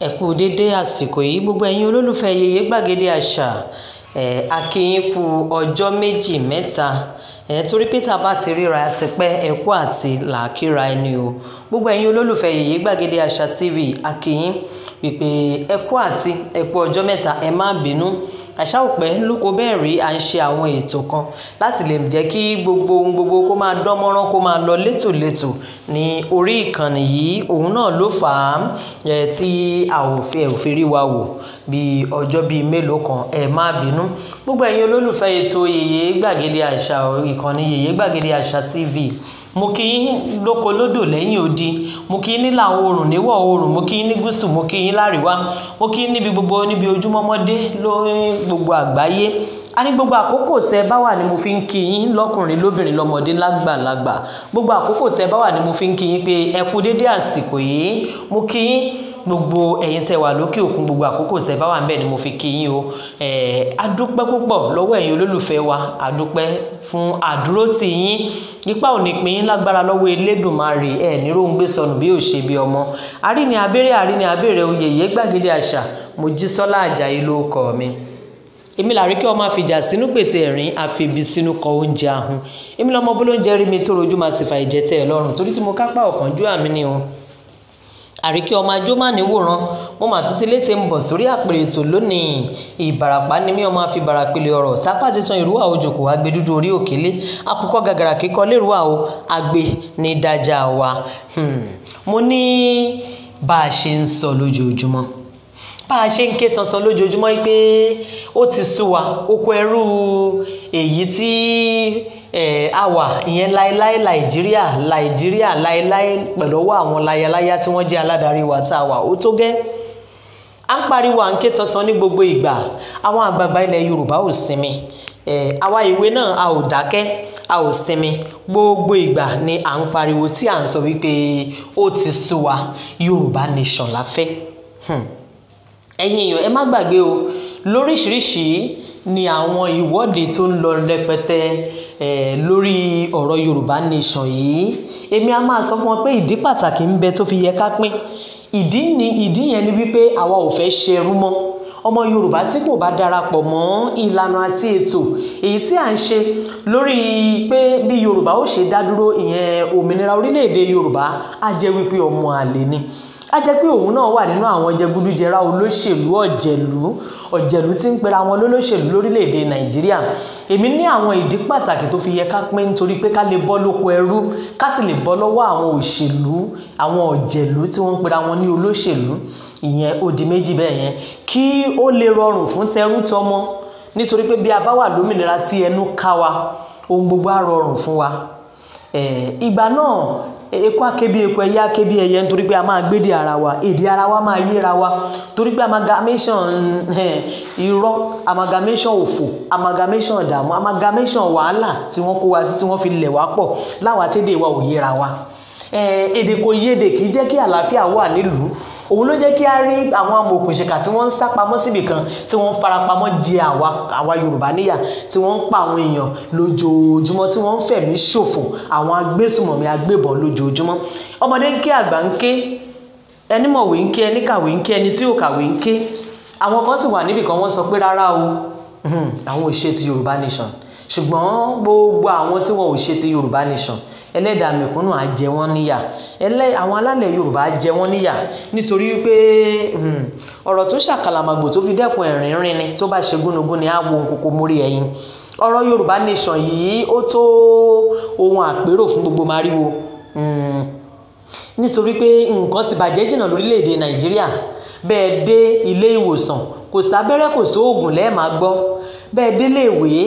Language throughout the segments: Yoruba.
ẹ kú dédé àsìkò yìí gbogbo ẹ̀yin olólùfẹ́ Yèyé Gbàgede Àṣà ẹ̀ a kí yín kú ọjọ́ méjì mẹ́ta ẹ̀ torí pé tá a bá ti ríra àti pẹ́ ẹ kú àti làákìra ẹni o gbogbo ẹ̀yin olólùfẹ́ Yèyé Gbàgede Àṣà TV a wípé ẹ kú àti ẹ kú ọjọ́ mẹ́ta ẹ má bínú àṣà òpẹ́ ló kó bẹ́ẹ̀ rí à ń ṣe àwọn ètò kan láti lè jẹ́ kí gbogbo ohun gbogbo kó máa dánmọ́rán kó máa lọ létòlétò ní orí ìkànnì yìí òun náà ló fà á tí àwòfẹ́ òfin wa wò bí ọjọ́ bíi mélòó kan ẹ má bínú gbogbo ẹ̀yin olólùfẹ́ ètò yèyé gbàgede àṣà ìkànnì yèyé gbàgede àṣà TV mo kí yín lóko lódò lẹ́yìn odi mo kí yín nílà oòrùn níwọ̀ oòrùn mo kí yín ní gúúsù mo kí yín láríwá mo kí yín níbi gbogbo níbi ojúmọ́mọ́dé lórí gbogbo àgbáyé a ní gbogbo àkókò tẹ bá wà ni mo fi ń kí yín lọkùnrin lóbìnrin lọmọdé lágbàlagbà gbogbo àkókò tẹ bá wà ni mo fi ń kí yín pé ẹ kú déédéé àsìkò yìí mo kí yín gbogbo ẹ̀yin tẹ́ wà lókè òkun gbogbo àkókò tẹ́ bá wà ńbẹ̀ ni mo fi kí yín o adúpẹ́ púpọ̀ lọ́wọ́ ẹ̀yin olólùfẹ́ wa adúpẹ́ fún àdúrótì yín ipa ò ní pín yín lágbára lọ́wọ́ Elédùmarè ẹ̀ níròhùn gbé sọnù bí ò ṣe bí ọmọ àríni abẹ́rẹ́ àríni abẹ́rẹ́ oyèyé gbàgede àṣà Mojísọ́lá Àjàyí ló kọ mi èmi làríkẹ́ ọmọ àfìjà sínú pètè ẹ̀rín àfẹ́bí sínú kọ oúnjẹ ahun èmi lọ́mọ bó rí mi tó rojú máa sì fà ìjẹ́tẹ̀ torí tí mo kápá ọ̀kánjú àmì ni òun àríkẹ́ ọmọ ajó má ní wòran mo mà tún ti létí ń bọ̀ sórí àpèrè ètò lónìí ìbàràpá ni mí ọmọ àfi bàràpèlè ọ̀rọ̀ sápá ti tan ìrúwà òjòkó agbe dúdú orí òkèlé akùkọ gàgàrà kíkọ lérúwà o agbe ní dájà wa hmm. mo ní bá a ṣe ń sọ lójoojúmọ́ bá a ṣe ń ké tọ̀tọ̀ lójoojúmọ́ pé ó ti sú wa ó kó ẹrú èyí tí àwà eh, ìyẹn láéláé nàìjíríà nàìjíríà láéláé pẹ̀lú ọwọ́ àwọn láyaláyá tí wọ́n jẹ́ aládarí wa tá a wà ó tó gẹ́ à ń pariwo à ń ké tantan ní gbogbo ìgbà àwọn àgbààgbà ilẹ̀ yorùbá ò sinmi eh, àwa ìwé náà a ò dákẹ́ a ò sinmi gbogbo ìgbà ni à ń pariwo tí à ń sọ wípé ó ti sú wa yorùbá nation la hmm. ẹ̀yin èèyàn ẹ má gbàgbé o lóríṣìíríṣìí ni àwọn ìwọ́de tó ń lọ rẹpẹtẹ lórí ọ̀rọ̀ Yorùbá Nation yìí èmi a máa sọ fún wọn pé ìdí pàtàkì ń bẹ tó fi yẹ ká pín ìdí ni ìdí yẹn ni wípé àwa ò fẹ́ ṣerú mọ́ ọmọ Yorùbá tí kò bá darapọ̀ mọ́ ìlànà àti ètò èyí tí à ń ṣe lórí pé bí Yorùbá ó ṣe dá ìyẹn òmìnira orílẹ̀-èdè Yorùbá á jẹ́ wípé ọmọ àlè ni a jẹ́ pé òun náà wà nínú àwọn jẹgúdújẹrá olóṣèlú ọ̀jẹ̀lú ọ̀jẹ̀lú tí ń pera wọn lólóṣèlú lórílẹ̀‐èdè nàìjíríà èmi ní àwọn ìdí pàtàkì tó fi yẹ ká pín nítorí pé ká lè bọ́ lóko ẹrú ká sì lè bọ́ lọ́wọ́ àwọn òṣèlú àwọn ọ̀jẹ̀lú tí wọ́n ń pera wọn ní olóṣèlú ìyẹn odi méjì bẹ́ẹ̀ yẹn kí ó lè rọrùn fún tẹrú tọmọ nítorí pé bí a bá wà lómìnira tí ẹnu ká wa ohun gbogbo á rọrùn fún wa ìgbà náà eku akebi eku ẹyẹ akebi ẹyẹ nítorí pé a máa gbédè ara wa èdè ara wa máa yéra wa torí pé amalgamation irọ́ amalgamation òfò amalgamation ìdààmú amalgamation wàhálà tí wọ́n kó wa sí tí wọ́n fi lẹ̀ wá pọ̀ láwa tẹ́dẹ̀ wa ò yéra wa èdè kò yédè kì í jẹ́ kí àlàáfíà wà nílùú òun ló jẹ́ kí a rí àwọn amòòkùnṣìkà tí wọ́n ń sá pamọ́ síbì kan tí wọ́n ń fara pamọ́ jẹ àwa Yorùbá níyà tí wọ́n ń pa àwọn èèyàn lójoojúmọ́ tí wọ́n ń fẹ̀mí ṣòfò àwọn agbésùmọ̀mí agbébọn lójoojúmọ́ ọmọdé ń ké àgbà ń ké ẹni mọ̀wé ń ké ẹni kàwé ń ké ẹni tí ò kàwé ń ké àwọn kan sì wà níbì kan wọ́n sọ pé rárá o àwọn ò ti Yorùbá nation ṣùgbọ́n gbogbo àwọn tí wọn ò ṣe ti yorùbá nation ẹlẹ́dàá mẹ̀kúnnù á jẹ wọ́n níyà ẹlẹ́ àwọn alálẹ̀ yorùbá á jẹ wọ́n níyà nítorí pé hmm, ọ̀rọ̀ tó ṣàkàlàmàgbò tó fi dẹ́kun ẹ̀rín rin ni tó bá ṣe gúnugún ni á wo ohun kókó mórí ẹ̀yìn ọ̀rọ̀ yorùbá nation yìí ó tó ohun àpérò fún gbogbo mariwo hmm, nítorí pé nǹkan ti bàjẹ́ jìnnà lórílẹ̀‐èdè nàìjíríà bẹ́ẹ̀ dé ilé ìwòsàn kò sábẹ́rẹ́ kò sóògùn lẹ́ẹ̀ máa gbọ́ bẹ́ẹ̀ déléèwé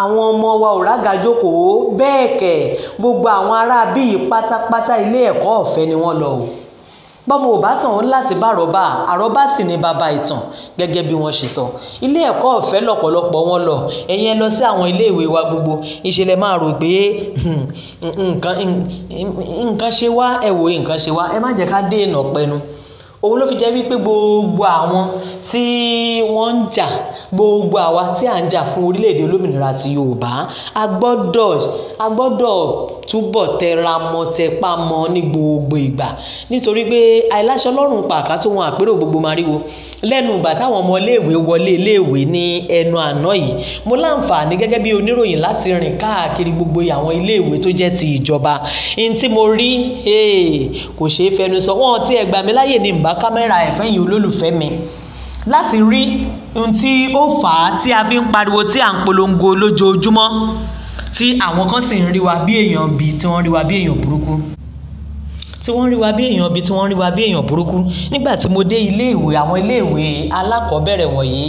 àwọn ọmọ wa ò rágàjókòó bẹ́ẹ̀ kẹ̀ gbogbo àwọn aráabí yìí pátápátá ilé ẹ̀kọ́ ọ̀fẹ́ ni wọ́n lọ o bọ́mọ ò bá tàn ó láti bá àrọ́bà àrọ́bà sì ni bàbá ìtàn gẹ́gẹ́ bí wọ́n ṣe sọ ilé ẹ̀kọ́ ọ̀fẹ́ lọ́pọ̀lọpọ̀ wọn lọ ẹ̀yin ẹ lọ sí àwọn iléèwé wa gbogbo ìṣẹ̀lẹ̀ máa rò pé hmm, nǹkan ṣe wá ẹ wò nǹkan ṣe wá ẹ má jẹ́ ká dé ìnà pẹnu òun ló fi jẹ́ wípé gbogbo àwọn tí wọ́n ń jà gbogbo àwa tí à ń jà fún orílẹ̀-èdè olómìnira ti Yorùbá a gbọ́dọ̀ a gbọ́dọ̀ túbọ̀ tẹra mọ́ tẹpá mọ́ ní gbogbo ìgbà nítorí pé àìláṣọ lọ́rùn pàkà tó wọn àpérò gbogbo mariwo lẹ́nu ìgbà táwọn ọmọ iléèwé wọlé iléèwé ní ẹnu àná yìí mo láǹfààní gẹ́gẹ́ bí oníròyìn láti rìn káàkiri gbogbo àwọn iléèwé tó jẹ́ ti ìjọba bá kámẹ́rà ẹ̀fẹ́ yìí olólùfẹ́ mi láti rí ohun tí ó fà á tí a fi ń pariwo tí à ń polongo lójoojúmọ́ tí àwọn kan sì ń rí wa bí èèyàn bíi tí wọ́n rí wa bí èèyàn burúkú tí wọ́n rí wa bí èèyàn bí tí wọ́n rí wa bí èèyàn burúkú nígbà tí mo dé ilé ìwé àwọn ilé ìwé alákọ̀ọ́bẹ̀rẹ̀ wọ̀nyí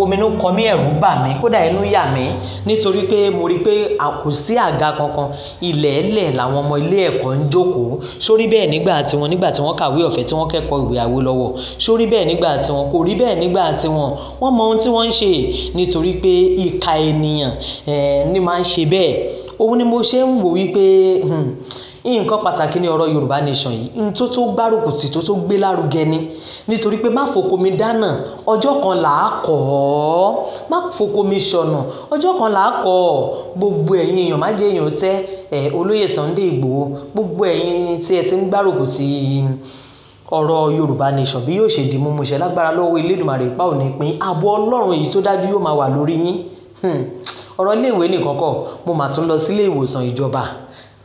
ominú kọ mí ẹ̀rù bà mí kódà inú yà mí nítorí pé mo rí i pé kò sí àga kankan ilẹ̀ẹ́lẹ̀ làwọn ọmọ ilé ẹ̀kọ́ ń jókòó sórí bẹ́ẹ̀ nígbà tí wọ́n nígbà tí wọ́n kàwé ọ̀fẹ́ tí wọ́n kẹ́kọ̀ọ́ ìwé àwo lọ́wọ́ sórí bẹ́ẹ̀ nígbà tí wọ́n kò rí bẹ́ẹ̀ eh, ni máa ni mo ṣe ń wò hmm, nǹkan pàtàkì ní ọ̀rọ̀ yorùbá nation yìí n tó tó gbárùkù tì tó tó gbé lárugẹ ni nítorí pé má fòkó mi dáná ọjọ́ kan là á kọ́ ọ́ má fòkó mi ṣọ̀nà ọjọ́ kan là á kọ́ ọ́ gbogbo ẹ̀yin èèyàn má jẹ́ èèyàn tẹ́ ẹ̀ olóyè Sunday Ìgbòho gbogbo ẹ̀yin tí ẹ ti ń gbárùkù sí ọ̀rọ̀ yorùbá nation bí yóò ṣe di múmúṣẹ lágbára lọ́wọ́ Elédùmarè pa ò pín ààbò ọlọ́run èyí tó dájú yóò máa wà lórí yín hmm. ọ̀rọ̀ iléèwé nìkan mo mà tún lọ sílé ìwòsàn ìjọba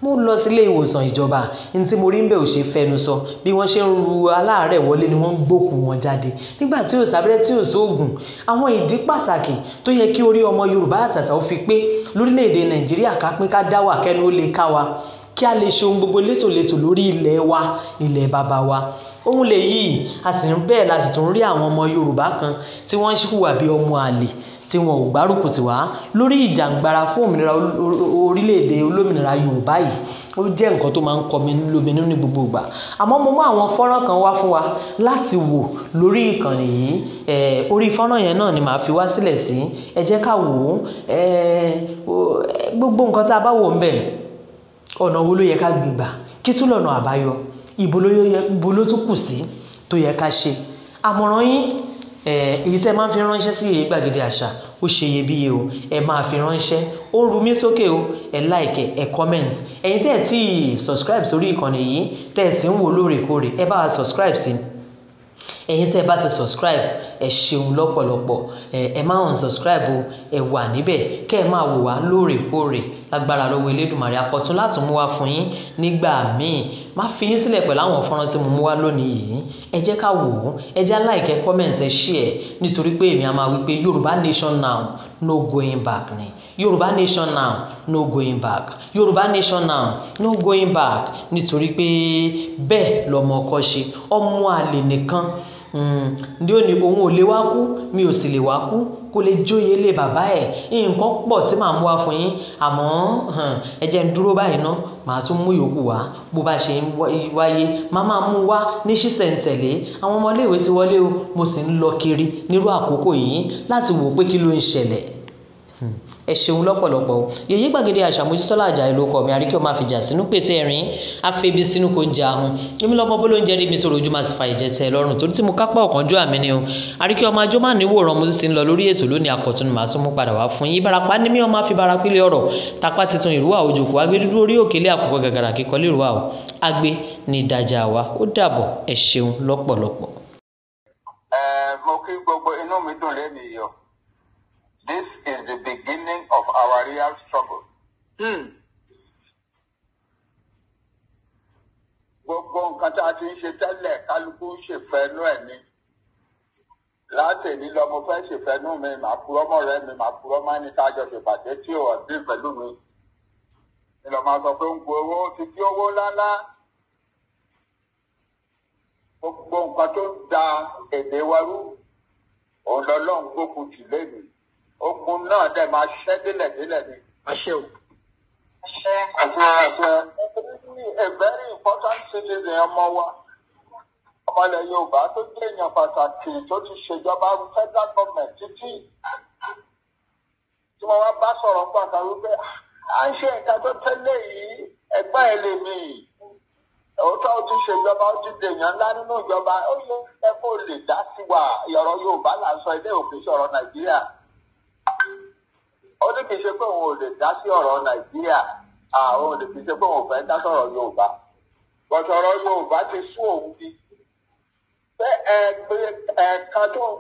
mo lọ sílé ìwòsàn ìjọba ní tí mo rí ń bẹ̀ ò ṣe fẹnu sọ bí wọ́n ṣe ń ru aláàárẹ̀ wọlé ni wọ́n ń gbòkú wọn jáde nígbà tí ò sábẹ́rẹ́ tí ò sóògùn àwọn ìdí pàtàkì tó yẹ kí orí ọmọ yorùbá àtàtà ó fi pé lórílẹ̀‐èdè nàìjíríà ká pín ká dáwà kẹ́nu ó lè ká wa kí a lè ṣe ohun gbogbo létòlétò lórí ilẹ̀ wa nílẹ̀ bàbá wa òun lè yí a sì ń bẹ́ẹ̀ la sì tún rí àwọn ọmọ yorùbá kan tí wọ́n ń hùwà bí ọmọ àlè tí wọn ò gbárùkù tì wá lórí ìjàǹgbara fún òmìnira orílẹ̀-èdè olómìnira yorùbá yìí ó jẹ́ nǹkan tó máa ń kọ mi lóminú ní gbogbo ìgbà àmọ́ mo mú àwọn fọ́nrán kan wá fún wa láti wò lórí ìkànnì yìí orí fọ́nrán yẹn náà ni màá fi wá sílẹ̀ sí ẹ jẹ́ ká wò ó gbogbo nǹkan tá a bá wò ń bẹ̀ ọ̀nà wo ló yẹ ká gbìgbà kí tún lọ́nà àbáyọ ibo ló tún kù sí tó yẹ ká ṣe àmọ̀ràn yín Eh, èyí tẹ́ máa ń fi ránṣẹ́ sí Ìwé Gbàgede Àṣà ó ṣe iyebíye o ẹ máa fi ránṣẹ́ ó ru mí sókè o ẹ like ẹ comment ẹ̀yin tẹ́ ẹ̀ tí subscribe sórí ìkànnì yìí tẹ́ ẹ̀ sì ń wò lóòrèkóòrè ẹ bá wa subscribe sí i ẹ̀yin tẹ́ ẹ bá ti subscribe ẹ ṣeun lọ́pọ̀lọpọ̀ ẹ má unsubscribe o ẹ wà níbẹ̀ kẹ́ ẹ máa wò wá lóòrèkóòrè lágbára lọ́wọ́ Elédùmarè akọ̀tún láti mú wá fún yín nígbà míì má fi yín sílẹ̀ pẹ̀lú àwọn fọ́nrán tí mo mú wá lónìí yìí ẹ jẹ́ ká wò ó ẹ jẹ́ like ẹ comment ẹ share nítorí pé èmi á máa wí pé Yorùbá nation now no going back ni Yorùbá nation now no going back Yorùbá nation now no going back nítorí pé bẹ́ẹ̀ lọmọ ọkọ ṣe ọmọ àlè nìkan Hmm. ǹdí ó ní òun ò lè wá kú mi ò sì lè wá kú kó lè jóye lé bàbá ẹ̀ nǹkan pọ̀ tí màá mú wá fún yín àmọ́ ẹ jẹ́ ń dúró báyìí ná màá tún mú yòókù wá bó bá ṣe ń wáyé màá máa mú wá ní ṣísẹ̀ǹtẹ̀lé àwọn ọmọléèwé ti wọlé o mo sì ń lọ kiri nírú àkókò yìí láti wò pé kí ló ń ṣẹlẹ̀. Hmm ẹ ṣeun lọ́pọ̀lọpọ̀ yèyé gbàgede àṣà mojísọ́lá àjà ìlú ọkọ mi àríkí ọmọ àfìjà sínú pété ẹ̀rín afẹ́bi sínú kò ń jẹ ahun èmi lọ́mọ bó ló ń jẹ rí mi sọ̀rọ̀ ojú máa sì fa ìjẹ tẹ lọ́rùn torí tí mo kápá ọ̀kánjú àmì ni o àríkí ọmọ ajó máa níwòrán mo sì ń lọ lórí ètò lónìí akọ̀tún màá tún mú padà wá fún yín ìbarapá ní mí ọmọ afibara pílẹ̀ ọ̀rọ̀ tapá titun ìrúwà this is the career struggle. Hmm. Gbogbo nǹkan tá a ti ń ṣe tẹ́lẹ̀ kálukú ń ṣèfẹ́nú ẹ̀ ni. Láti èmi lọ mo fẹ́ ṣèfẹ́nú mi, màá purọ́ mọ́ ọ̀rẹ́ mi, màá purọ́ mọ́ ẹni tá a jọ ṣèpàdé tí ò ọ̀dí pẹ̀lú mi. Ìlọ máa sọ pé ń bu owó ti kí owó lálá. Gbogbo nǹkan tó ń da èdè wa rú, òun lọ́lọ́run gbókun tì lénìí. ogun náà dẹ̀ ma ṣẹ́ délẹ̀ délẹ̀ ni. o. a very important citizen ọmọ wa ọmọlẹ̀ Yorùbá tó jẹ́ èèyàn pàtàkì tó ti ṣèjọba federal government títí tí wọ́n wá bá sọ̀rọ̀ à ń ṣe nǹkan tó tẹ́lẹ̀ yìí ẹgbẹ́ ẹ lè mí òótọ́ ó ti ṣèjọba ó ti ńlá nínú ìjọba ó yẹ ẹ kó lè dá ó ní da si ṣe pé òun ò lè dá sí ọ̀rọ̀ nàìjíríà àwọn ò ọrọ ti suo òun bí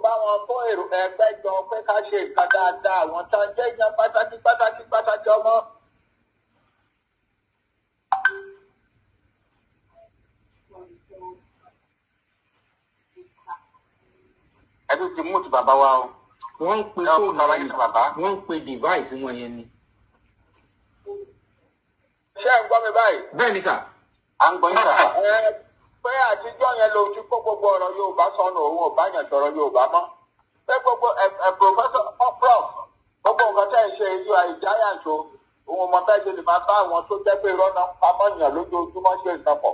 bá wọn bọ́ èrò ẹgbẹ́ jọ pé ká ṣe nǹkan dáadáa àwọn tá a jẹ́ ìyẹn pátákì pátákì ọmọ. ẹbí ti mú ti bàbá wa o. wọ́n ń pe fóònù wọn ni wọ́n pe device wọn yẹn ni. ṣé ẹ ń gbọ́ mi báyìí. bẹ́ẹ̀ ni sà. à ń gbọ́ yín sà. pé àtijọ́ yẹn ló ti kó gbogbo ọ̀rọ̀ Yorùbá sọnù òun ò bá yàn sọ̀rọ̀ Yorùbá mọ́. pé gbogbo ẹ professor oprof gbogbo nǹkan tẹ́ ẹ ṣe ìlú àìjáyàn tó òun mọ bẹ́ẹ̀ ṣe lè máa bá àwọn tó jẹ́ pé rọ́nà pamọ́ yàn lójoojúmọ́ ṣe ìtọ́pọ̀.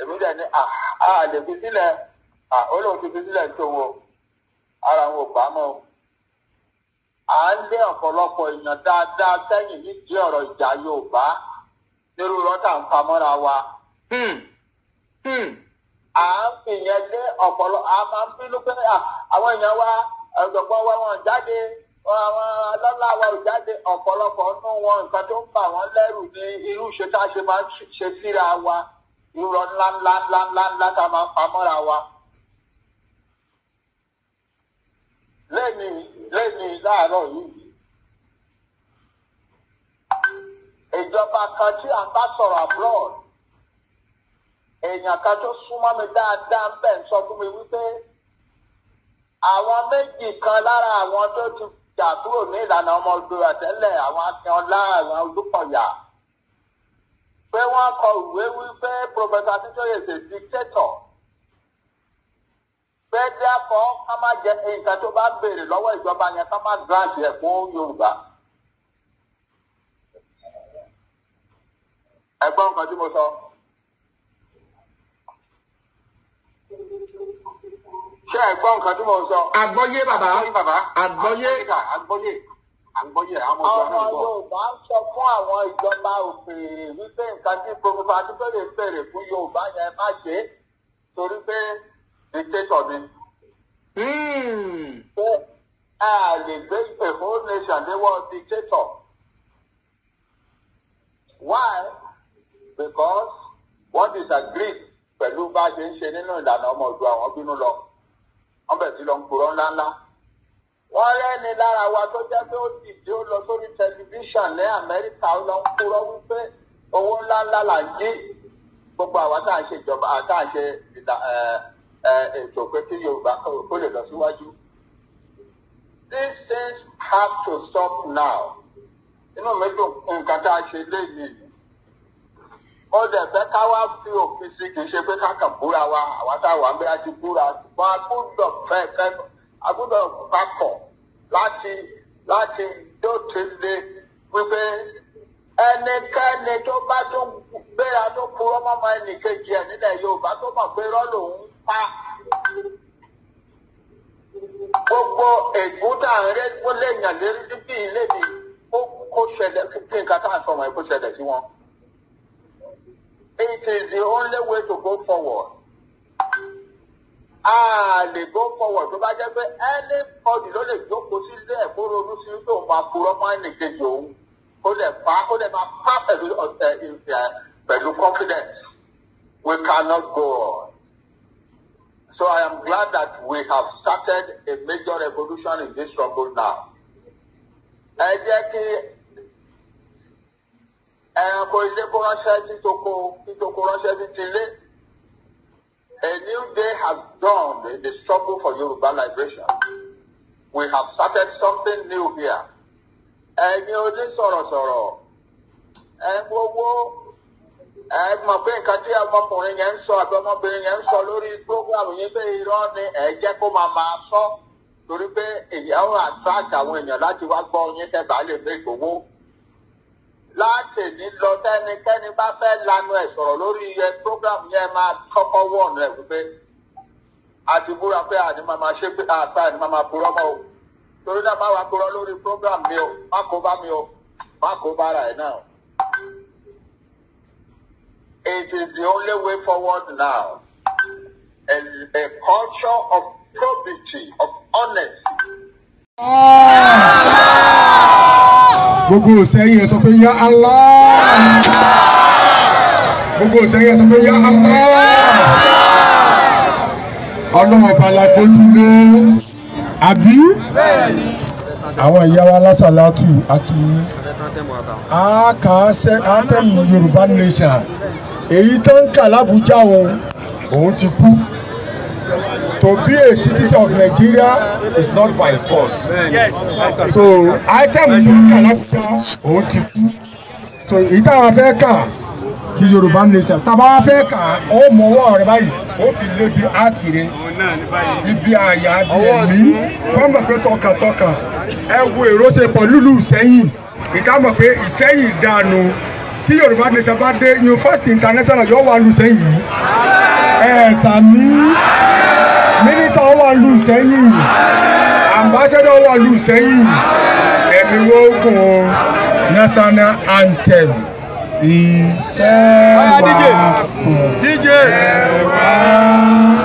èmi dẹ̀ ni à á lè fi sílẹ̀ à ó lóun ti fi sílẹ̀ tó wo ara wọn ò bá mọ́ o à ń lé ọ̀pọ̀lọpọ̀ èèyàn dáadáa sẹ́yìn nídìí ọ̀rọ̀ ìjà Yorùbá nírú rọ́tà ń pamọ́ra wa à ń hmm. hmm. fìyẹn lé ọ̀pọ̀lọ a máa ń bínú pé àwọn èèyàn wa ọ̀jọ̀gbọ́n wa wọn jáde àwọn ọlọ́lá wa ò jáde ọ̀pọ̀lọpọ̀ nínú wọn nǹkan tó ń bà wọ́n lẹ́rù ní irú ìṣe tá a ṣe máa ń ṣe síra wa irọ́ ńláńláńláńlá tá a máa ń pamọ́ra wa. lẹ́ni lẹ́ni láàárọ̀ yìí. ìjọba kan tí a bá sọ̀rọ̀ abroad èèyàn kan tó súnmọ́ mi dáadáa ń bẹ̀ ń sọ fún mi wípé àwọn méjì kan lára àwọn tó ti jà kúrò ní ìlànà ọmọ Oòduà tẹ́lẹ̀ àwọn Akínọlá àwọn Olúkọ̀yà pé wọ́n kọ ìwé wípé Professor Akíntóyè ṣe dictator bẹ́ẹ̀dá fọ́ ká má jẹ nǹkan tó bá béèrè lọ́wọ́ ìjọba yẹn ká má grant ẹ̀ fún Yorùbá. ẹ̀gbọ́n kan tí mo sọ. ṣé ẹ̀gbọ́n kan tí mo sọ. àgbọ́yé bàbá àgbọ́yé. àgbọ́yé àgbọ́yé àwọn ọmọ ìjọba náà bọ̀. àwọn Yorùbá ń sọ fún àwọn ìjọba òkèèrè wípé nǹkan tí gbogbo adúgbò lè béèrè fún Yorùbá yẹn má jẹ́ torí pé dictator ni. Hmm. ṣé a lè gbé a whole nation léwọ́ dictator? why? because wọ́n disagree pẹ̀lú bá a ṣe ń ṣe nínú ìlànà ọmọ òdu àwọn bínú lọ wọ́n bẹ̀rẹ̀ sí lọ ń purọ́ ńláńlá wọ́n rẹ́ni lára wa tó jẹ́ pé ó dìde ó lọ sórí tẹlifíṣàn ní Amẹ́ríkà ó lọ ń purọ́ wípé owó ńláńlá là ń jí gbogbo àwa tá à ṣe ìjọba tá ètò pé Yorùbá kó lè lọ síwájú. These things have to stop now. Inú mi dùn nǹkan tá a ṣe léyìí. Ó dẹ̀ fẹ́ ká wá fi òfin sí kì í ṣe pé ká kàn búra wa àwa táwa ń bẹ́ àti búra ṣùgbọ́n a gbọ́dọ̀ fẹ́ fẹ́ a gbọ́dọ̀ papọ̀ láti láti dóòtúndé wípé ẹnikẹ́ni tó bá tó gbéra tó mọ́mọ́ ẹnìkejì pa gbogbo ègún tá à ń rẹ́ tó lẹ́yìn àlérí ilé mi kó ṣẹlẹ̀ kí nǹkan tá à ń sọ wọ̀nyí kó ṣẹlẹ̀ sí wọn. It is the only way to go forward. A lè go forward tó bá jẹ́ pé anybody ló lè jókòó sílé ẹ̀ kó ronú sí pé máa purọ́ máa ní kejì òun kó lè pa kó lè máa pa pẹ̀lú confidence. We cannot go on. So I am glad that we have started a major revolution in this struggle now. Ẹ jẹ́ kí ẹranko ilé kó ránṣẹ́ sí toko kí ránṣẹ́ sí tilé. A new day has dawned in the struggle for Yoruba liberation. We have started something new here. Ẹ̀yin olé sọ̀rọ̀sọ̀rọ̀ ẹ̀ gbogbo. ẹ mọ̀ pé nǹkan tí ọmọkùnrin yẹn ń sọ àbí ọmọbìnrin yẹn ń sọ lórí program yìí irọ́ ni ẹ jẹ́ kó máa máa sọ torí pé ìyàwó attract àwọn èèyàn láti wá gbọ́ yín tẹ́bà lè láti ní lọ lanu ẹ̀ sọ̀rọ̀ lórí program yẹn máa kọ́kọ́ ẹ̀ wípé àti búra pé máa máa ṣe pé máa o torí náà purọ́ program mi o má kó bá mi o má kó It is the only way forward now. A, a culture of probity, of honesty. Gbogbo òsẹ́yìn ẹ sọ pé yá Allah. Gbogbo òsẹ́yìn ẹ sọ pé yá Allah. Ọlọ́run ọba la gbójúlé. Àbí? Àwọn ìyá wa lásàlátù, a kì í. A kà á sẹ́, a tẹ̀mù Yorùbá nation èyí tó ń kà lábújá òun òun ti kú to be a citizen of Nigeria is not by force yes. so item tó ń kà lábújá òun ti kú so èyí táwọn afẹ́ kà ti Yorùbá nation tábà wá fẹ́ kà ó mọ ọwọ́ rẹ báyìí ó fi lébi áàtì rẹ ibi àyà bí ẹ̀mí kọ́mọ̀ pé tọkàntọkàn ẹ wo èrò ṣe pọ̀ lúlù Ìṣẹ́yìn ìka mọ̀ pé Ìṣẹ́yìn dànù tí yorùbá nation bá dé university international yóò wá lu sẹ́yìn ẹ̀ sàmí mínísítà wà lu sẹ́yìn ambassador wà lu sẹ́yìn ẹ̀mí wọ́ọ̀gùn national anthem ìṣẹ́wà fún ẹ̀wà.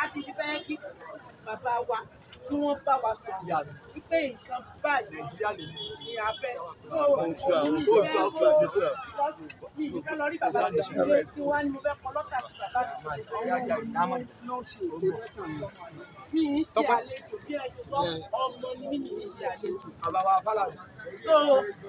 a ti fẹ́ kí bàbá wa kí wọ́n bá wa sọ wípé nǹkan báyìí ni a fẹ́ tó ní ìfẹ́ lọ rí bàbá mi ṣe kí wọ́n ní mo fẹ́ kọ́ lọ́tà sí bàbá mi ọmọ náà ṣe òde mi ń ṣe àlejò bí ẹ ṣe sọ ọmọ ni mí ń ṣe àlejò so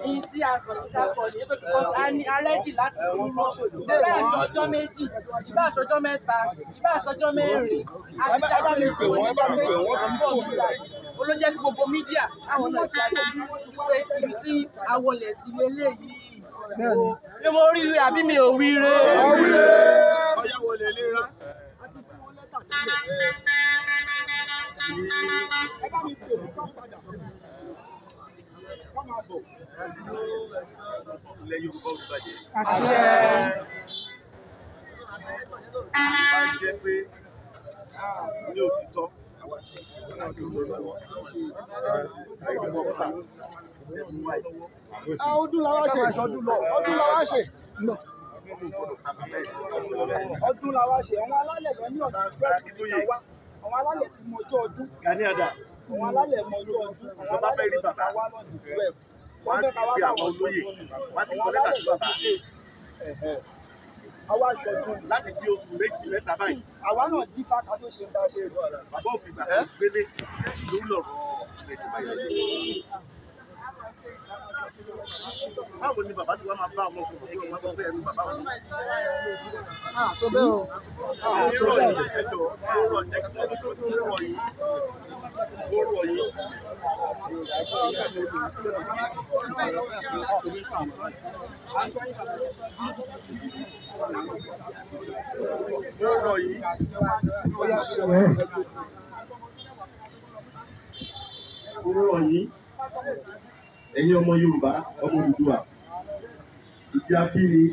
ìyìn tí a kàn níta sọ ní pé because a ní alẹ́dì láti kú mọ́ ìbá àṣọjọ́ méjì ìbá àṣọjọ́ mẹ́ta ìbá àṣọjọ́ mẹ́rin àti àṣọjọ́ mẹ́rin ìbá àṣọjọ́ mẹ́rin ìbá àṣọjọ́ mẹ́rin olójẹ́ kí gbogbo mídíà àwọn náà ti ṣe pé ibi tí awọlẹ̀ sí lélẹ́yìí pé mo rí àbí mi ò wí re. ọyá wọlé lera. ẹ bá mi pè mí kọ́ padà ilẹ̀ Yorùbá ọdún la wá ṣe ọdún la wá ṣe àwọn alálẹ̀ lọ ní ọdún tí wọ́n wá àwọn alálẹ̀ ti mọjọ́ ọdún àwọn alálẹ̀ mọjọ́ ọdún àwọn alálẹ̀ mọjọ́ ọdún àwọn alálẹ̀ mọjọ́ wọ́n ti pe àwọn olóyè wọ́n ti kọ lẹ́tà sí bàbá láti di oṣù méjì mẹ́ta báyìí. àwa náà jí fáta tó ṣe ń bá ṣe lọ. bàbá òfin gbà tó gbélé lórí ọ̀rọ̀ ìjọba yìí. báwo ni bàbá ti wá máa bá ọmọ sọ̀rọ̀ bí ọmọ bá bẹ́ẹ̀ ní bàbá òun. àà tó bẹ́ẹ̀ o. àà tó bẹ́ẹ̀ o lọ́rọ̀ yìí lọ́rọ̀ yìí lọ́rọ̀ yìí ẹ̀yin ọmọ Yorùbá ọmọ Odùduwà ìdí abíni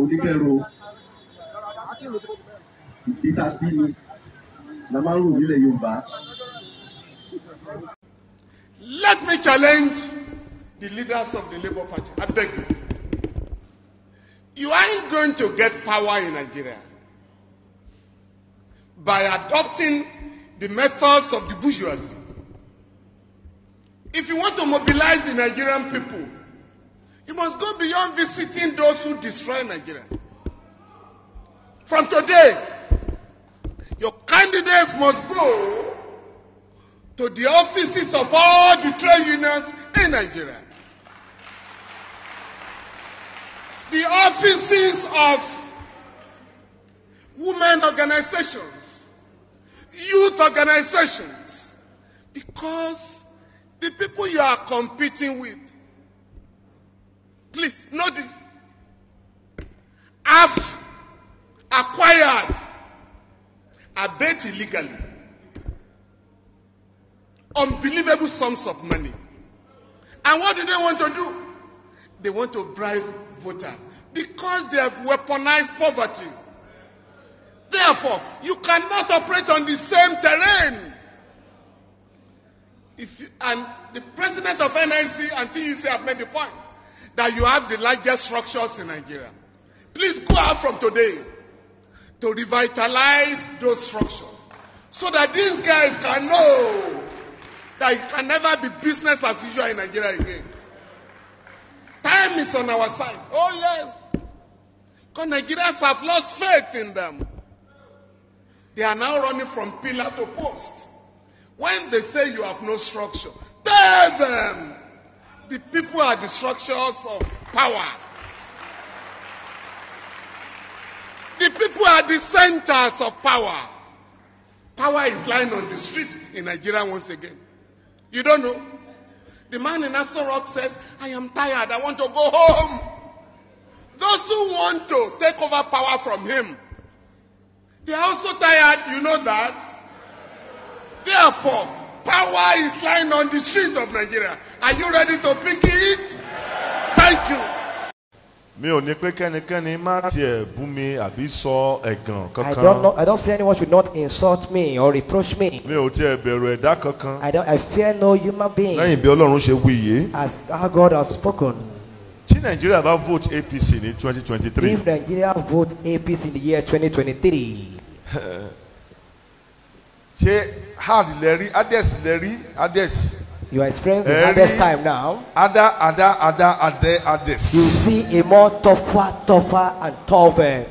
oníkẹ́rọ ìdí tàbí ni la rò nílẹ̀ Yorùbá. Let me challenge the leaders of the Labour Party. I beg you. You aren't going to get power in Nigeria by adopting the methods of the bourgeoisie. If you want to mobilize the Nigerian people, you must go beyond visiting those who destroy Nigeria. From today, your candidates must go to the offices of all the trade unions in Nigeria. The offices of women organizations, youth organizations, because the people you are competing with, please know this, have acquired a bet illegally. unbelievable sums of money. And what do they want to do? They want to bribe voters because they have weaponized poverty. Therefore, you cannot operate on the same terrain. If you, and the president of NIC and TUC have made the point that you have the largest structures in Nigeria. Please go out from today to revitalize those structures so that these guys can know that it can never be business as usual in Nigeria again. Time is on our side. Oh, yes. Because Nigerians have lost faith in them. They are now running from pillar to post. When they say you have no structure, tell them the people are the structures of power. The people are the centers of power. Power is lying on the street in Nigeria once again. You don't know? The man in Asorok says, I am tired. I want to go home. Those who want to take over power from him, they are also tired. You know that? Therefore, power is lying on the street of Nigeria. Are you ready to pick it? Thank you. mi ò ní pé kẹ́nikẹ́ni má tiẹ̀ bú mi àbí sọ ẹ̀gàn kankan. I don't know I don't say anyone should not insult me or reproach me. mi ò tiẹ̀ bẹ̀rù ẹ̀dá kankan. I don't I fear no human being. lẹ́yìn bí Ọlọ́run ṣe wí yé. as our God has spoken. tí Nàìjíríà bá vote APC ní twenty twenty three. if Nigeria vote APC in the year twenty twenty three. ṣé hard lẹ rí adẹ́sì lẹ adẹ́sì. You are experiencing Every harvest time now. Other, other, other, other, others. You see a more tougher, tougher, and tougher.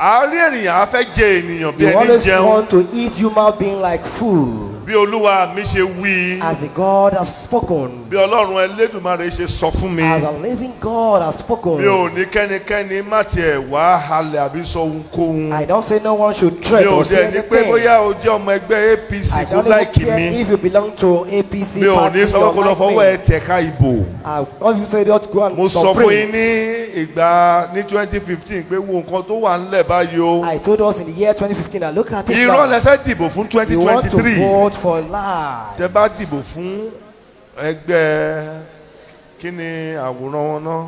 Àárín ènìyàn á fẹ́ jẹ ènìyàn bí ẹni jẹun. You always want to eat human being like food bí olúwa mi ṣe wí. as the God has spoken. bí ọlọ́run ẹlẹ́dùnmarè ṣe sọ fún mi. as the living God has spoken. mi ò ní kẹ́nikẹ́ni má tiẹ̀ wá halẹ̀ àbí sọ ohunkóhun. I don't say no one should threat or say anything. mi ò dẹ̀ ní pé bóyá o jẹ́ ọmọ ẹgbẹ́ APC kó láìkì mi. I don't even care if you belong to APC party or not me. mi ò ní sọ pé fọwọ́ ẹ tẹ̀ka ìbò. I want you say don't go and complain. mo sọ fún yín ní ìgbà ní twenty fifteen pé wo nǹkan tó wà ńlẹ̀ báyìí o. I told us in the year twenty fifteen that look at it now. irọ́ lẹ fẹ́ dìbò fún twenty twenty three. you want to vote for tẹ bá dìbò fún ẹgbẹ́ kí àwòrán wọn náà.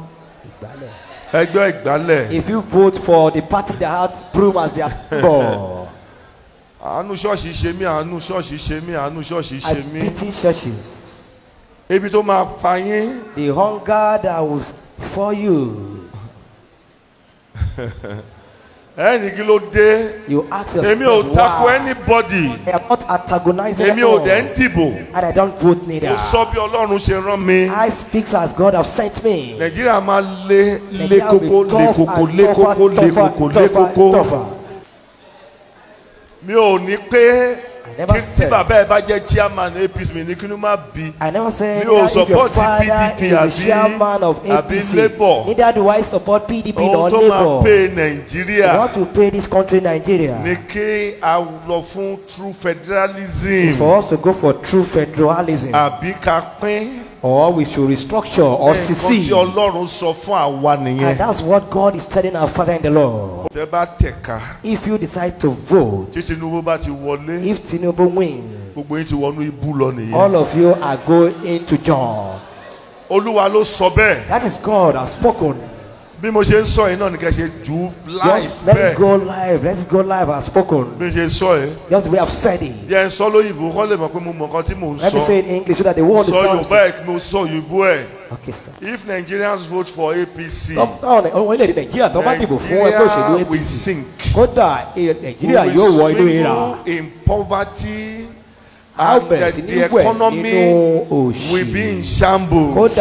ìgbálẹ̀. ẹgbẹ́ ìgbálẹ̀. if you vote for the party that has broom as their ball. àánú ṣọ́ọ̀ṣì ṣe mí àánú ṣọ́ọ̀ṣì ṣe mí àánú ṣọ́ọ̀ṣì ṣe mí. I pity churches. ebi tó máa pa yín. the hunger that was for you. ẹni kí ló dé. you ask yourself why. èmi ò takò anybody. I am not antagonizing anyone. èmi ò dẹ̀ ń dìbò. and I don't vote neither. mo sọ bí Ọlọ́run ṣe rán mi. I speak as God have sent me. Nàìjíríà máa lé lé koko lé koko lé koko lé koko lé koko. mi ò ní pé tí bàbá ẹ bá jẹ́ chairman apc mi ní kí ló má bí mi ò support pdp àbí àbí labour neither do i support pdp nor labour ohun tó máa pay nàìjíríà ni kí a lọ fún true federalism àbí ká pín or we should restructure or secede. And that's what God is telling our Father in the Lord. If you decide to vote, if Tinubu wins, all of you are going into John. That is God has spoken. bí mo ṣe ń sọ yìí náà ni kẹ́ ṣe jù live bẹ́ẹ̀. just let go live let go live as spoken. bí mo ṣe sọ yìí. just the way I have said it. yẹ sọ lóyìnbó kọ́ lè mọ̀ pé mo mọ̀ nǹkan tí mò ń sọ. let me say in English so that the world understand. sọ yorùbá ẹ̀ kí mo sọ yorùbá ẹ̀. okay sir. if Nigerians vote for APC. tọ́pọ̀ ọmọ ilẹ̀ Nàìjíríà tó bá dìbò fún ẹgbẹ́ òṣèlú APC. will sink. kódà eh, Nàìjíríà yóò wọ inú ìrà. we will swim in poverty. and that the economy will be in shambles.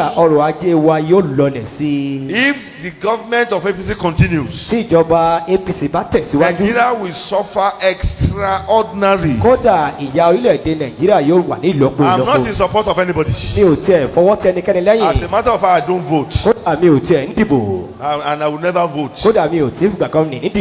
if the government of APC continues. Nigeria will suffer extraordinary. I am not in support of anybody. as a matter of fact I don't vote. kódà and I will never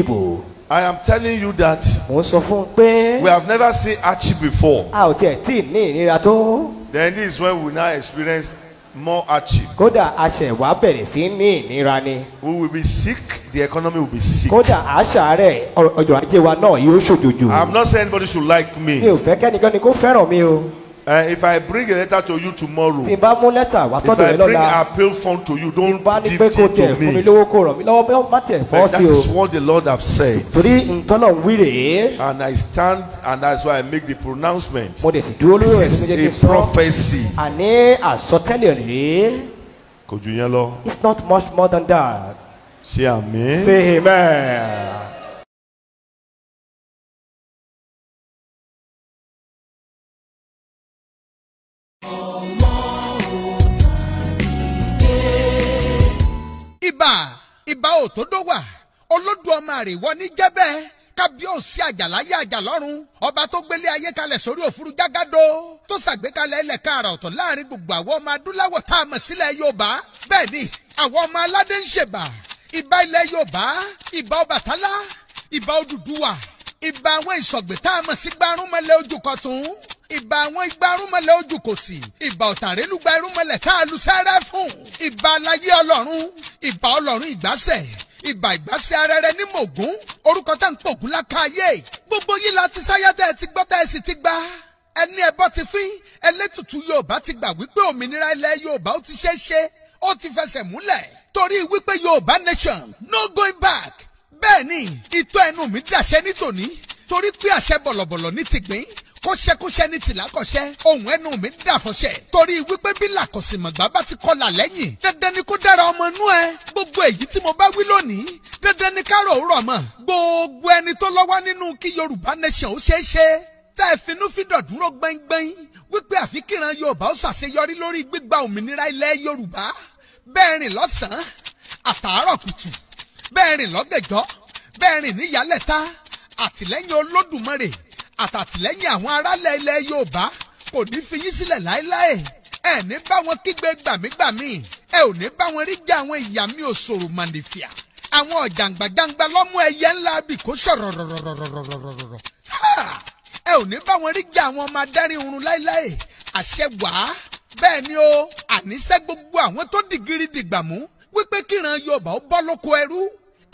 vote. I am telling you that. Mo sọ fún un We have never seen Archie before. A ò tiẹ̀ tí ní ìnira tó. Then this is when we now experience more hardship. kódà aṣẹ̀wá bẹ̀rẹ̀ sí ní ìnira ni. we will be sick the economy will be sick. kódà àṣàárẹ̀ ọjọ́ ajé wa náà yóò ṣòjòjò. I am not saying anybody should like me. mi ò fẹ́ kẹ́nikẹ́ni kó fẹ́ràn mi o. Uh, if I bring a letter to you tomorrow, if I bring appeal phone to you, don't give it to me. But that is what the Lord have said. And I stand, and that's why I make the pronouncement. This is a prophecy. It's not much more than that. Say amen. Say amen. Olódùmarè wọ ní jẹ́bẹ́ kábíyèsí àjàláyé àjàlọ́run ọba tó gbélé ayé kalẹ̀ sórí òfurufú jágádó tó ṣàgbékalẹ̀ ilẹ̀ káàrà ọ̀tọ̀ láàrin gbogbo àwọn ọmọ adúláwọ̀ tá a mọ̀ sílẹ̀ Yorùbá bẹ́ẹ̀ ni àwọn ọmọ aládé ń ṣèbà ìbà ilẹ̀ Yorùbá ìbà Ọbàtálá ìbà Odùduwà ìbà àwọn ìsọ̀gbẹ̀ tá a mọ̀ sí gbárùnmọ̀lẹ̀ ojú kọ̀tún ìbà àwọn igbárùnmọ̀lẹ̀ ojú kòsì ìbà ọ̀tàrẹ́lúgba irúnmọ̀lẹ̀ tá a lu sẹ́rẹ́ fún ìbà alayé ọlọ́run ìbà ọlọ́run ìgbásẹ̀ ìbà ìgbàsẹ̀ arẹrẹ ní mògún orúkọ tá à ń pò ògún lákàáyé gbogbo yìí la ti sáyá tẹ́ ẹ ti gbọ́ tẹ́ ẹ sì ti gbà ẹni ẹbọ ti fín ẹlẹ́tùtù Yorùbá ti gbà wípé òmìnira ilẹ̀ Yorùbá ó ti ṣeé ṣe ó ti fẹsẹ̀ múlẹ̀ torí wípé Yorùbá nation no going back bẹ́ẹ̀ ni ìtọ́ ẹnu mi dàṣẹ nítòní torí pé àṣẹ bọ̀lọ̀bọ̀lọ̀ ní tìgbín kó ṣe kó ṣe ní tìlá kọ̀ṣẹ́ ohun ẹnu mi dà fọṣẹ́ torí wípé bí làkọ̀sìmọ̀gbà bá ti kọlà lẹ́yìn dandan ni kó dára ọmọ inú ẹ gbogbo èyí tí mo bá wí lónìí dandan ni kárò rọ̀ mọ́ gbogbo ẹni tó lọ́wọ́ nínú kí Yorùbá nation ó ṣeé ṣe tá ẹ finúfíndọ̀ dúró gbẹ́ngbẹ́ng wípé àfi kíran Yorùbá ó ṣàṣeyọrí lórí gbígba òmìnira ilẹ̀ Yorùbá bẹ́ẹ̀ rìn lọ́sàn-án àtàtìlẹ́yìn àwọn aráàlẹ̀ ilẹ̀ Yorùbá kò ní fi yín sílẹ̀ láéláé ẹ ní bá wọn kígbe gbàmígbàmí ẹ ò ní bá wọn rí jẹ àwọn ìyá mi ò sọ̀rọ̀ màndìfíà àwọn ọ̀jàǹgbàjàǹgbà lọ́mú ẹyẹ ńlá bì kó sọ̀rọ̀ rọ̀rọ̀rọ̀rọ̀rọ̀rọ̀ ẹ ò ní bá wọn rí jẹ àwọn ọmọ adarin oorun láéláé àṣẹ wàá bẹ́ẹ̀ ni o àníṣe gbogbo àwọn tó dìgírí dìgbàmú wípé kíran Yorùbá ó bọ́ lóko ẹrú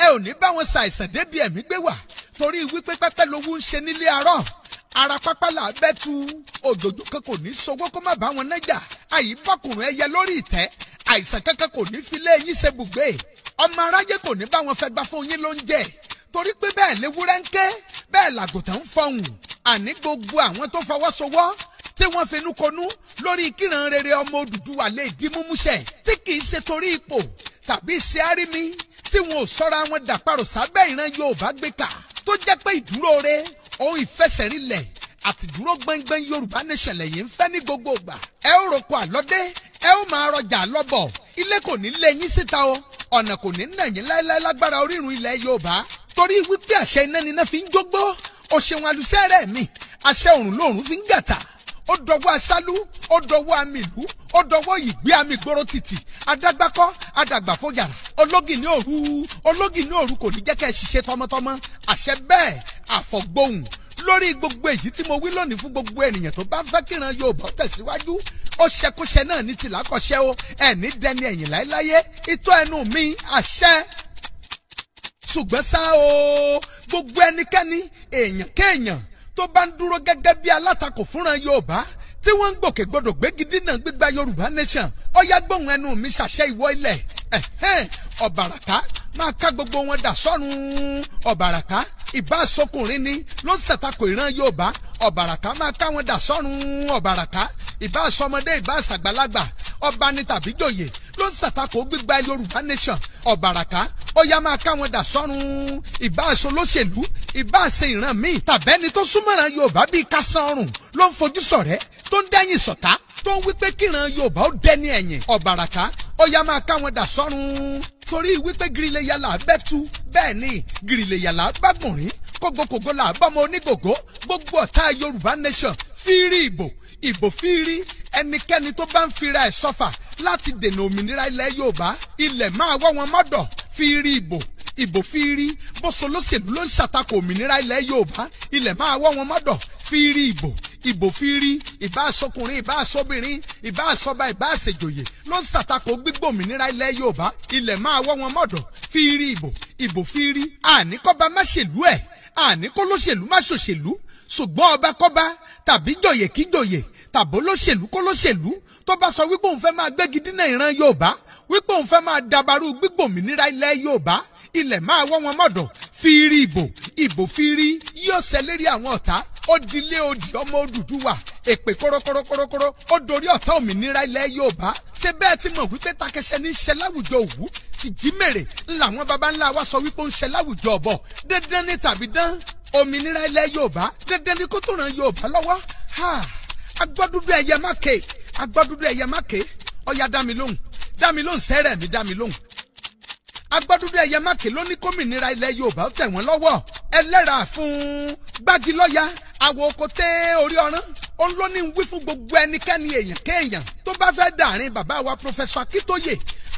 ẹ ò ní bá wọn ṣàìsàn débi ẹ̀mí gbé wà torí wípé pẹ́pẹ́ lowó ń ṣe nílé arọ́ ara pápá là bẹ́ tu òjòjú kan kò ní sowó kó má bá wọn nájà àyíbọ̀kùnrin ẹyẹ lórí ìtẹ́ àìsàn kankan kò ní fi léyìn ṣe bùgbé ọmọ aráyé kò ní bá wọn fẹ́ gbà fún yín ló ń jẹ torí pé bẹ́ẹ̀ léwúrẹ́ ń ké bẹ́ẹ̀ làgùntàn ń fọhùn àní gbogbo àwọn tó fọwọ́sowọ́ tí wọ́n finú konú lórí kíran rere ọmọ Odùduwà lè di múmúṣẹ tí kì í ṣe torí ipò tàbí ṣe árími tí wọn ò sọ́ra wọn dàparò sábẹ́ ìran Yorùbá gbé kà tó jẹ́ pé ìdúró re ohun ìfẹsẹ̀rinlẹ̀ àtìdúró gbẹngbẹng Yorùbá nation lẹ́yìn ń fẹ́ ní gbogbo ìgbà ẹ ó roko àlọ́dé ẹ ó máa rọjà lọ́bọ̀ ilé kò ní lé yín síta o ọ̀nà kò ní nà yín láéláé lágbára orírun ilẹ̀ Yorùbá torí wípé àṣẹ iná ni iná fi ń jógbó òṣèwọ̀n àlùsẹ́ rẹ̀ mi àṣẹ òrùn lòrùn fi ń gàtà ó dọwọ́ aṣálú ó dọwọ́ amìlú ó dọwọ́ ìgbé amìgboro títì adágbákọ́ adàgbàfọ́yàrá ológìní òru ológìní òru kò ní jẹ́ kẹ́ ẹ ṣiṣẹ́ tọmọtọmọ àṣẹ bẹ́ẹ̀ àfọ̀gbóhùn lórí gbogbo èyí tí mo wí lónìí fún gbogbo ènìyàn tó bá fẹ́ kíran Yorùbá tẹ̀síwájú ó ṣekúṣe náà ní tìlá kọ́ṣẹ́ o ẹ̀ní dẹni ẹ̀yìn láéláyé itọ́ ẹnu mi àṣẹ ṣùgbọ́n ṣá o gbogbo ẹnikẹ́ni èèyàn kéèyàn tó bá ń dúró gẹ́gẹ́ bí alátakò fúnra Yorùbá tí wọ́n ń gbòkègbodò gbégidí náà gbígba Yorùbá nation ó ẹnu mi ṣàṣẹ ìwọ ilẹ̀ ọ̀bàràtà máa ká gbogbo wọn dà sọ́run ọ̀bàràká ìbá sọkùnrin ni ló ń ṣàtakò ìran Yorùbá ọ̀bàràká máa ká wọn dà sọ́run ọ̀bàràká ìbá sọmọdé ìbá sàgbàlagbà ọba ni tàbí jòyè ló ń ṣàtakò gbígba Yorùbá nation ọ̀bàràká ó yá máa ká wọn dà sọ́run ìbá aṣọ olóṣèlú ìbá ìran míì tàbẹ́ni tó súnmọ́ràn Yorùbá bíi kásán ló ń fojú sọ̀rẹ́ tó ń dẹ́yìn sọ̀tá tó ń wí kíran Yorùbá ó dẹ́ni ẹ̀yìn ọ̀bàràká ó yá máa ká wọn dà sọ́run torí wípé girileyala bẹ́ẹ̀ tú bẹ́ẹ̀ ni girileyala bá gbònrín kógókógó la bọ́mọ onígògó gbogbo ọ̀tá yorùbá nation fírí ìbò ìbò fírí ẹnikẹ́ni tó bá ń fira ẹ̀ sọ́fà láti dènà òmìnira ilẹ̀ yorùbá ilẹ̀ máa wọ́ wọn mọ́dọ̀ fírí ìbò ìbò fírí bó so lóṣèlú ló ń ṣàtakò òmìnira ilẹ̀ yorùbá ilẹ̀ máa wọ́ wọn mọ́dọ̀ fírí ìbò ìbòfírí ìbáṣọkùnrin ìbáṣọbìnrin ìbáṣọba ìbáṣèjòyè ló ń ṣàtakò gbígbòmìnira ilẹ̀ Yorùbá ilẹ̀ máa wọ́ wọn mọ́dọ̀ fírí ìbò ìbò fírí àníkọ́ba má ṣèlú ẹ̀ àníkólóṣèlú má ṣòṣèlú ṣùgbọ́n ọba kọ́ba tàbí jòyè kí jòyè tàbó lóṣèlú kó lóṣèlú tó bá sọ wípé òun fẹ́ máa gbégi dínà ìran Yorùbá wípé òun fẹ́ máa dàbàrú gbígbòmìnira ilẹ̀ Yorùbá ilẹ̀ máa wọ́ wọn mọ́dọ̀ fírí ìbò ìbò fírí yóò ṣẹlẹ́rì àwọn ọ̀tá ó dilé odi ọmọ Odùduwà èpè kórókórókóró ó dorí ọ̀tá òmìnira ilẹ̀ Yorùbá ṣé bẹ́ẹ̀ ti mọ̀ wípé takẹsẹ ní í ṣe láwùjọ òwú ti jí mèrè làwọn baba ńlá wa sọ wípé ó ń ṣe láwùjọ ọ̀bọ dandan ní tàbí dán òmìnira ilẹ̀ Yorùbá dandan ní kó tó ràn Yorùbá lọ́wọ́ agbọ́dúdú ẹ̀yẹ má ké agbọ́dúdú ẹ̀yẹ má ké ọ̀ya dá mi lóhùn dá mi lóhùn sẹ́rẹ̀ mi dá mi lóhùn agbádúró ẹyẹ mákè ló ní kómìnira ilẹ̀ yorùbá ó tẹ̀ wọ́n lọ́wọ́ ẹlẹ́ra fún gbágilọ́ya àwọ̀ òkòtẹ́ orí ọ̀rán òun ló ní wí fún gbogbo ẹnikẹ́ni èèyàn kéèyàn tó bá fẹ́ dàrin bàbá wa pòfẹ́sọ akíntóyè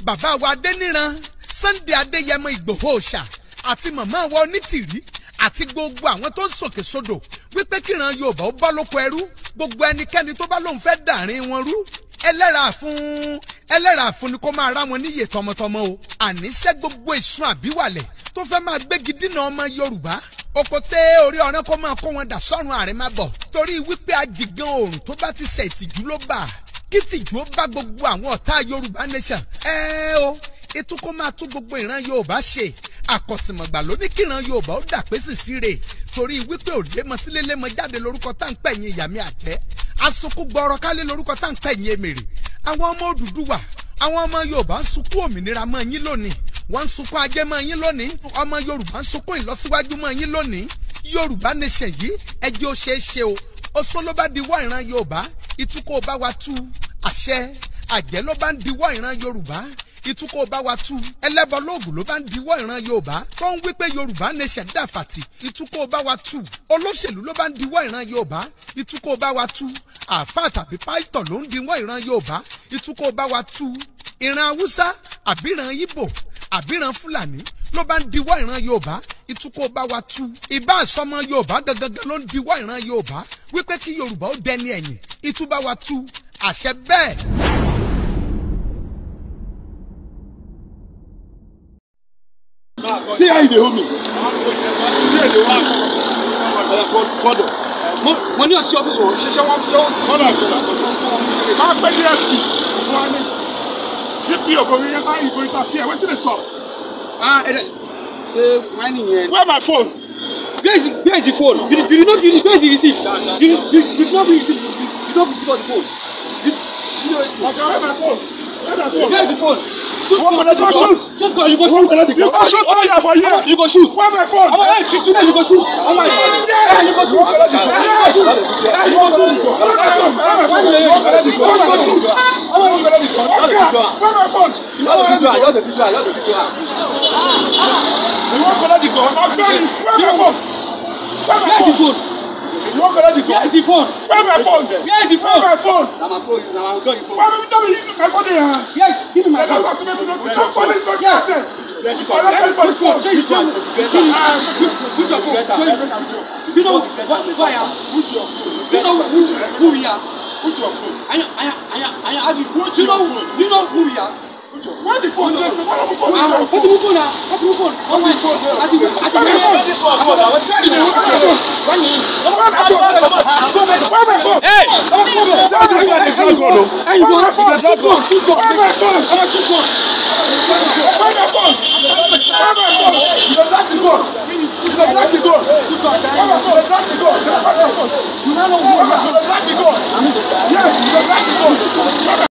bàbá wa adéníran sunday adéyẹmọ ìgbòho òòṣà àti màmá wa onítìrí àti gbogbo àwọn tó ń sòkè sódò wípé kíran yorùbá ó bá lóko ẹrú gbogbo ẹnikẹ́ni tó bá lóun fẹ́ dàrin wọn rú ẹlẹ́ra fún ẹlẹ́ra fún ni kó máa rá wọn níyè tọmọtọmọ o àníṣe gbogbo ìsun àbíwàlẹ̀ tó fẹ́ máa gbégi dínà ọmọ Yorùbá oko tẹ orí ọ̀rẹ́ kó máa kó wọn dà sọ́run àrèmábọ̀ torí wípé agigan oòrùn tó bá ti ṣe ìtìjú ló bà kí tìjú ó bá gbogbo àwọn ọ̀tá Yorùbá nation ẹ o ètò kó máa tún gbogbo ìran Yorùbá ṣe àkọsìmọ̀gbà ló ní kíran Yorùbá ó dà pé sísí rè torí wípé ò lémọ sílé lémọ jáde lórúkọ tá à ń pẹ̀yìn ìyàmí àjẹ́ asunkún gbọ́rọ̀ kálé lórúkọ tá à ń pẹ̀yìn emèrè àwọn ọmọ Odùduwà àwọn ọmọ Yorùbá ń sunkún òmìnira mọ́ yín lónìí wọ́n ń sunkún ajé mọ́ yín lónìí ọmọ Yorùbá ń sunkún ìlọsíwájú mọ́ yín lónìí Yorùbá nation yìí ẹjẹ́ ó ṣeé ṣe o oṣó ló bá diwọ́ ìran Yorùbá ìtukọ̀ bá wa tú àṣẹ àjẹ́ ló bá ń diwọ́ ìran Yorùbá ìtú kó bá wa tú ẹlẹ́bọ lóògùn ló bá ń diwọ́ ìran yorùbá tó ń wí pé yorùbá nation dàfàtì ìtú kó bá wa tú olóṣèlú ló bá ń diwọ́ ìran yorùbá ìtú kó bá wa tú àáfàá tàbí pásítọ̀ ló ń diwọ́ ìran yorùbá ìtú bá wa tú ìran haúsá àbíran ibo àbíran fúlàní ló bá ń diwọ́ ìran yorùbá ìtukọ̀ bá wa tú ìbá àsọmọ yorùbá gangan ló ń diwọ́ ìran yorùbá wípé kí yorùbá ó dẹni ẹ̀yìn ìtúbá wa tú See how you dey hold me. See how you dey hold me. Bọ́dọ̀. Mo ní ọ̀sí ọ́fíìsì wọn, ṣiṣẹ́ wọn ṣiṣẹ́ wọn. Bọ́dọ̀ àti ọ̀dọ̀. Máa pẹ́ ní ẹ̀sì. Wọ́n á ní. Bí ọkọ̀ mi yẹn bá ìbò ìtàfíà, wẹ́sì lè sọ. Ah, ṣé wọ́n nìyẹn? Where my phone? Where is where is the phone? You you no you where is the receipt? You you you no be you you no be for the phone. You you know. Oga where my phone? Where my phone? Where is the phone? shoot. Just go, you go shoot. you go shoot. Oh yeah, for here. You go shoot. Where my phone? Oh yeah, shoot You go shoot. Oh my God. you go shoot. you go shoot. you go shoot. Where my phone? Where my shoot? Where my phone? the You go? I'm Where my phone? You want collect the phone? Where is the phone? Where my phone? Where is the phone? Where my phone? Na my phone. Na my Why don't you tell me you my phone in your Yes, give me my phone. Yes, give me my phone. Your phone is not yes. your phone. Collect everybody's phone. Show ah, your phone. Put your phone. Show your phone. You know what? Why am? Ah? Put your phone. You know who who we are. Put your phone. I I I I I. You know you know who we are. Where the phone? Where the phone? Where the phone? Where the phone? Where the phone? As you as you Where the phone? Where the phone? Where the phone? Hey! Hey, you go right for the drug gun. Keep going. Where the phone? Where the phone? Where the phone? Where the phone? The plastic gun. The plastic gun. The plastic gun. You now know where the plastic gun. Yes, the plastic gun.